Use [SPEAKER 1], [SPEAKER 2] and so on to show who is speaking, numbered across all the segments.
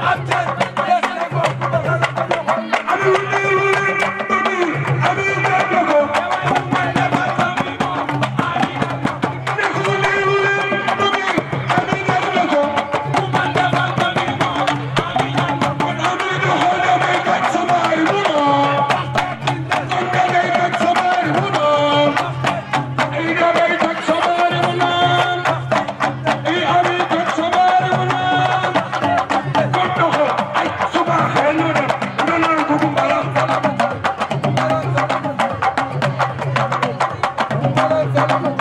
[SPEAKER 1] I'm dead. Come on.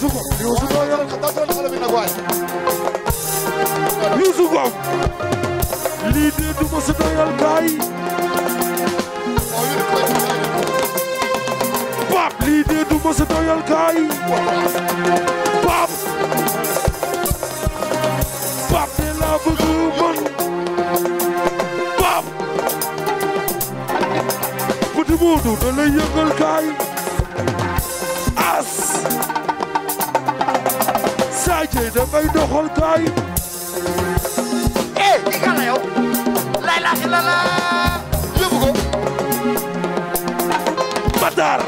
[SPEAKER 1] Youssou lii de du ma sa doyal gaay Pape lii de du ma sa doyal gaay Pape Pape de lii damay doxal kaay. eh di gàll yow. lay laaxi la la yóbbu ko. Matar.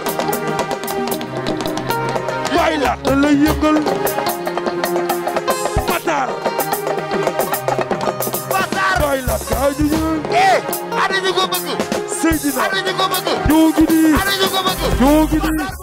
[SPEAKER 1] waay la da lay yëngal. Matar. Matar waay la kaa ju ñu. eh ana ñu ko bëgg. Seydina ana ñu ko bëgg. ñoo ngi nii ñoo ngi nii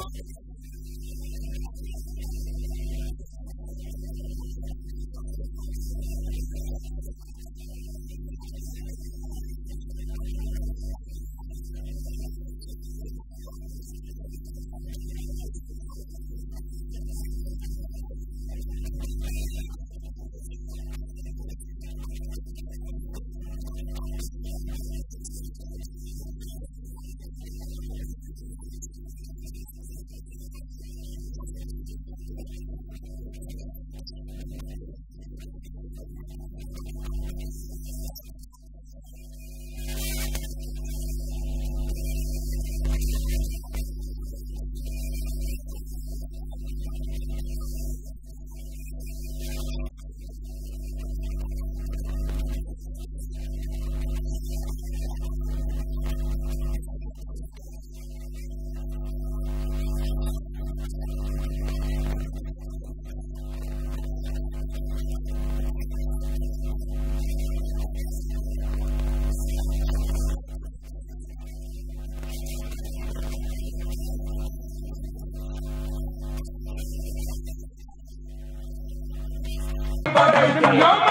[SPEAKER 1] Nobody.